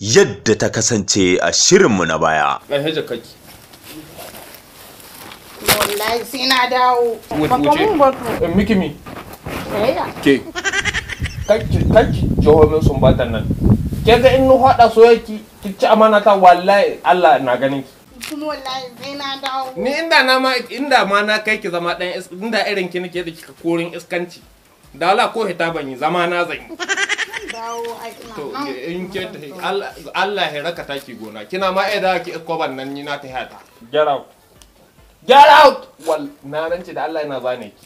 yadda ta kasance a shirinmu na baya. Wallahi sai na dawo. Eh, miki mi. Ke. Kaki kaki jihohin sun bata nan. Ke ga in haɗa soyayya ki ci amana ta wallahi Allah na ganin ki. Kuma wallahi sai na dawo. Ni inda na ma inda ma na kai ki zama ɗan inda irin ki nake da kika korin iskanci. Da wala ko hita ban yi zama na zan yi. dawo a to eh, in ke ta Allah ya raka taki gona kina ma ai da ki kwaban nan ni na ta hata get out get out wal na rance da Allah yana zane ki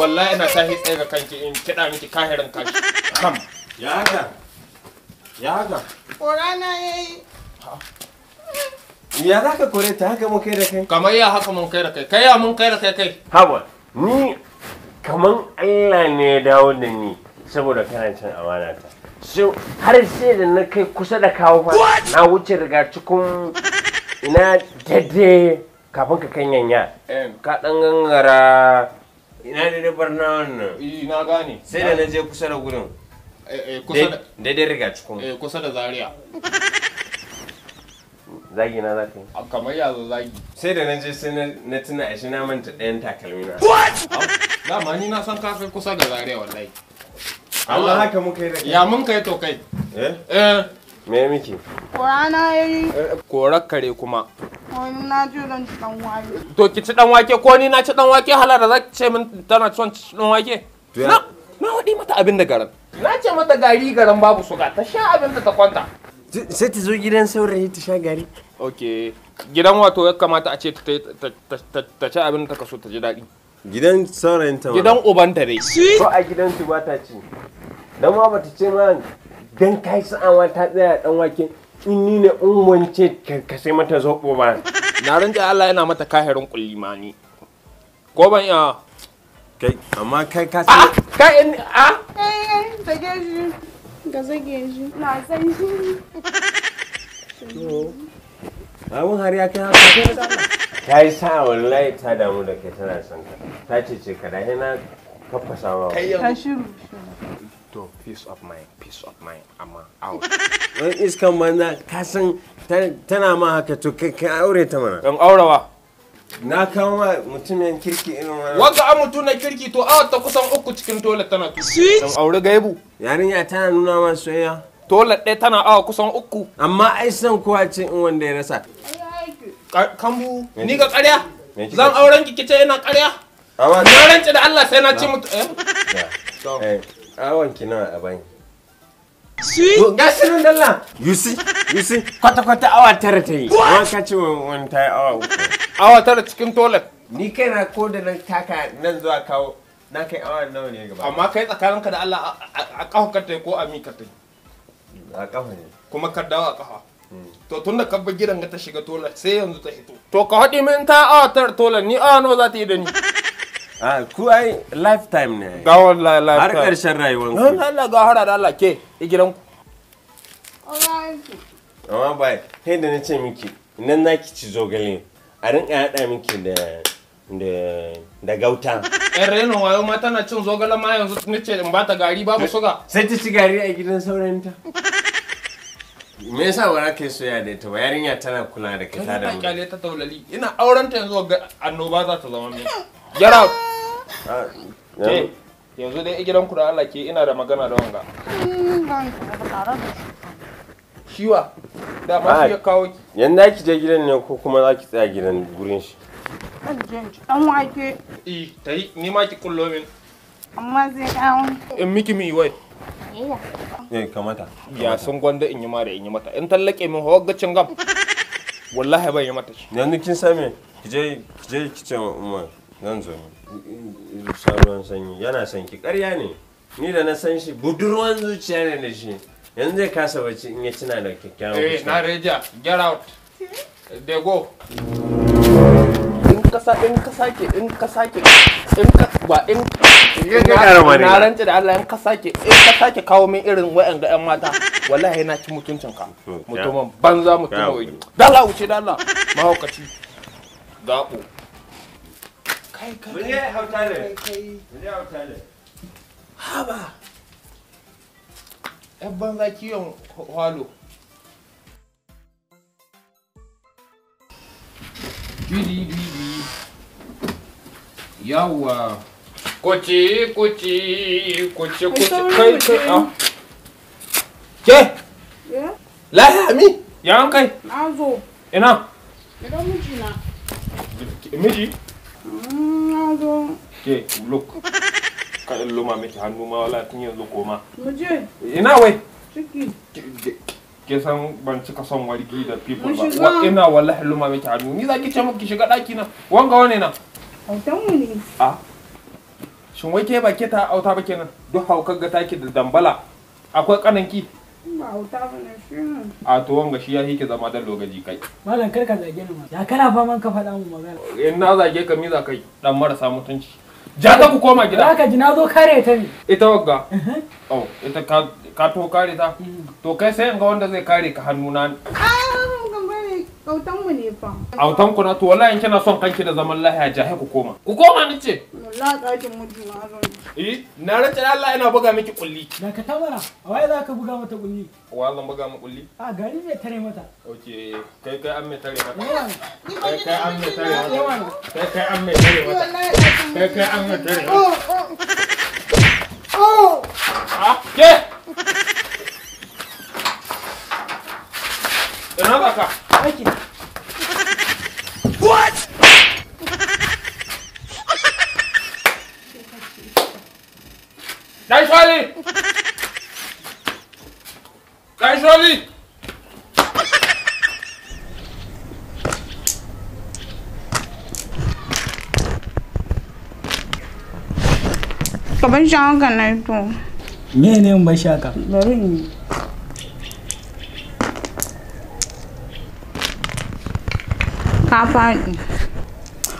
wallahi ina sahi tsaye ga kanki in kida miki kahirin kanki kam ya haka ya haka ƙorana yayi ya za ka kore ta haka mun kai da kai kamar ya haka mun kai da kai kai ya mun kai da kai kai haba ni kaman Allah ne ya dawo da ni saboda karancin cin amana ta so har sai da na kai kusa da kawo fa na wuce riga cikin ina dade kafin ka kan yanya ka dan gangara ina da bar eh, na wannan ina gane sai da na je kusa da gurin eh, eh, daidai riga cikin kusa da zaria zagi na za ka yi kamar yazo zagi sai da na je sai na tuna a shi na manta ɗayan takalmi na what ma ni na san ka kusa da zare wallahi Allah haka mun kai da ya mun kai to kai eh eh me miki kwana yayi korar kare kuma wani na ji zan dan wake to ki ci dan wake ko ni na ci dan wake da za ki ce min tana son ci dan wake na na wadi mata abin da garan na ce mata gari garan babu suga ta sha abin da ta kwanta sai ta zo gidan saurayi ta sha gari ok gidan wato ya kamata a ce ta ci abin da ta kaso ta ji daɗi gidan ta gidan uban ta dai ko a gidan su bata ci dan ma bata ce ma dan kai an wata tsaya dan wake in ni ne in wance ka sai mata zobo ba na rinja Allah yana mata kahirin kulli ma ni ko ban ya kai amma kai ka ah! sai kai in a eh ta zage shi ga zage shi na san shi to abun har ya kai haka sai da Allah ta yi sa wallahi ta damu da ke tana son ka ta ce ce ka dahi na kafasa ma ta yau shiru to peace of mind peace of mind amma awo wani iskan banza ka san tana ma haka to ka aure ta mana don aurewa na kawo ma mutumin kirki irin wani wanda an mutu na kirki to awa ta kusan uku cikin tola tana tu don aure gaibu yarinya tana nuna ma soyayya tola ɗaya tana awa kusan uku amma ai san kowa ce in wanda ya rasa kambu ni ga ƙarya zan auren ki kice yana ƙarya na rance da Allah sai na ci mutu eh, eh awan ki nawa a bani Ga shi dalla. You see? You see? Kwata kwata awa tara ta yi. ka ce wani ta awa uku. Awa tara cikin toilet. Ni kai na ko da nan taka nan zuwa kawo na kai awa nawa ne gaba. Amma kai tsakaninka da Allah a kafa ka ta ko a mi ka A kafa ne. Kuma ka dawo a kafa. to tun da kabba gidan ga ta shiga tola sai yanzu ta hito to ka haɗi min ta tar tola ni awa nawa za ta yi da ni a ah, ku ai lifetime ne ga wallahi lifetime har ƙarshen rayuwar ku na Allah ga hara da Allah ke i gidan ku amma bai kai da na ce miki nan na ki ci zogale a rinka haɗa miki da da gauta. Yan reno wayo ma tana cin zogala ma yanzu nace in ba ta gari babu suga. Sai ta ci gari a gidan saurayinta. me yasa wara ke soya da ita ba yarinya tana kula da kai ta da mu kyale ta taulali ina auren ta yanzu ga annoba za ta zama mai ah, yara yanzu dai gidan ku da Allah ke ina da magana da wanga hmm, shiwa da ma shi ya kawo ki yanda ki je gidan ne ko kuma za ki tsaya gidan gurin shi dan wake eh tai ni ma ki kullo min amma zai kawo in miki mi wai eh kamata ya sun gwanda in yi ma da in yi mata in tallake min hawaggacin gam wallahi ban yi mata shi yanzu kin same ki je ki je ki ce umma nan zo ni sanyi yana san ki ƙarya ne ni da na san shi budurwan zuciya ne da shi yanzu zai kasa bacci in ya tuna da kyakkyawan eh na reja get out they go in ka sake in ka sake in ka sake in ka ba in na rantse da Allah in ka sake in ka sake kawo min irin waɗanda ƴan mata wallahi na ci mutuncin ka mutumin banza mutumin waje da wuce da mahaukaci gabo kai kai mun yi hauta mun yi haba banza kiyon halo Yawwa. kuci kuci kuci kuci kai kai ke lahami ya an kai na zo ina gidan mijina miji na zo ke look ka luma miki hannu ma wala tun yanzu koma muje ina wai ciki ke san ban cika son wargi da people ba wa ina wallahi luma miki hannu ni za ki ce miki shiga daki na wanga wane na hautan mu ne a shin wai ke ba ke ta auta ba kenan duk haukar ga taki da dambala akwai kananki ba auta ba ne shi a to wanga shi ya yake zama dan logaji kai malam karka zage ni ma ya kana man ka faɗa mu magana in na zage ka miza kai dan marasa mutunci ja ta ku koma gida haka ji na zo kare ta ne ita wagga oh ita ka to kare ta mm. to kai sai ga wanda zai kare ka hannu na Autan ne fa. Autan na to wallahi kina son kanki da zaman lahiya jahi ku koma. Ku koma ni ce. Wallahi ɗakin miji na zan. Eh na rantsa Allah ina buga miki kulli. Na ka tabara a waye za ka buga mata kulli. Wa zan buga mata kulli? A gari ne tare mata. Oke, kai kai an me tare mata. Kai kai an me tare mata. Kai kai an me tare mata. Kai kai an me tare mata. Oh! Ah, ke! Ina baka? aiki what dai Charlie! dai shali ka shaka na to me ne mun shaka bari in ya faɗi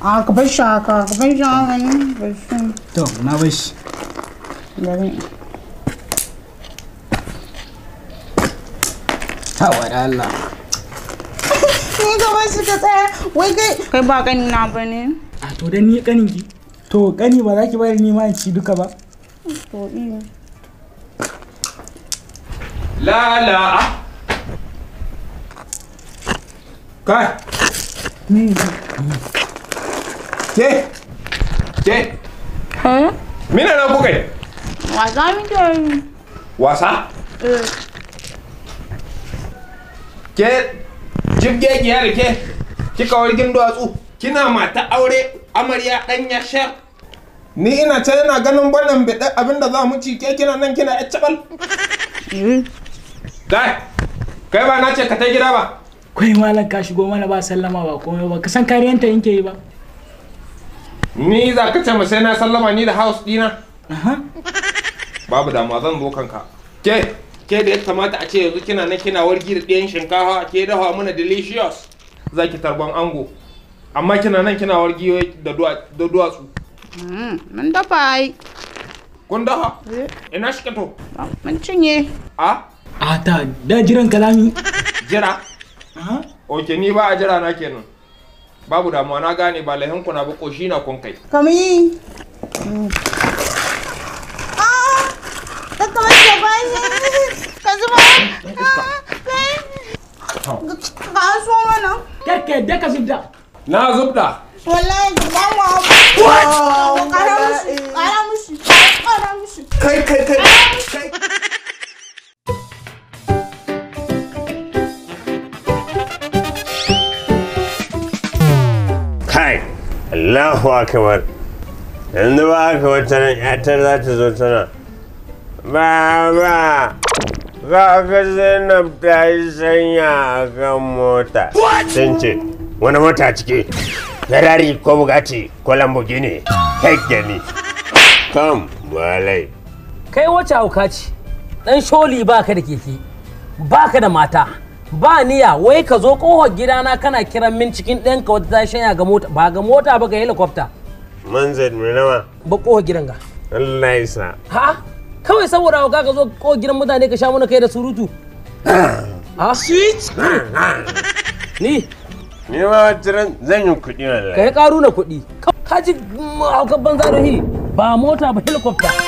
a ah, ka bar shi haka ka bar shi haka ne bar shi to na bar shi bari hawa da Allah ni ka bar shi ka tsaya wai kai kai ba kani na ba ne a to dan ni kanin ki to kani ba za ki bari ni ma ci duka ba to iya la la ah. kai Ke? Mina na kuka Wasa muke eh. yi. Wasa? Ke jibge ki da ke? Kika wargin duwatsu? Kina mata aure amarya dan ya shar? Ni ina can yana ganin wannan bidda abinda za mu ci ke kina nan kina ya cabal. Mm. Dai, kai ba na ce ka ta gida ba. kai malam ka shigo mana ba sallama ba komai ba ka san kariyanta yake yi ba ni za ka ce sai na sallama ni da house dina babu damuwa zan zo kanka ke ke da ya kamata a ce yanzu kina nan kina wargi da ɗayan shinkafa ke dafa mana delicious za ki tarban ango amma kina nan kina wargi da duwatsu mm, mun dafa ai kun dafa eh. ina shi kato mun cinye a a ta da jiran kalami jira oke ni ba a jira na kenan babu damuwa na gane ba lahin na ba koshi na kun kai kami ah! ka kama ba yi ka zuba ah! ka so mana karka da ka zubda na zubda wallahi da ma ko karamushi shi kai kai kai Allahu akbar yanzu ba aka wata nan yatar za ta zo tana ba ba ga ga zainab ta yi sanya a kan mota sun ce wani mota ciki ferrari ko bugatti ko lamborghini kai gani kam balai. kai wacce hauka ce dan sholi baka da keke baka da mata ba niya wai ka zo kohon gidana kana kiran min cikin ɗanka wata ta shanya ga mota ba ga mota ba ga helikwafta. zai mai nama? Ba kohon gidan ga. Allah ya sa. Ha? Kawai saboda hauka ka zo kohon gidan mutane ka sha mana kai da surutu. Ha? Switch? Ni. Ni ma wata zan yi kuɗi wallahi. Ka yi ƙaru na kuɗi. Ka ji mm, haukan banza da ba mota ba helikwafta.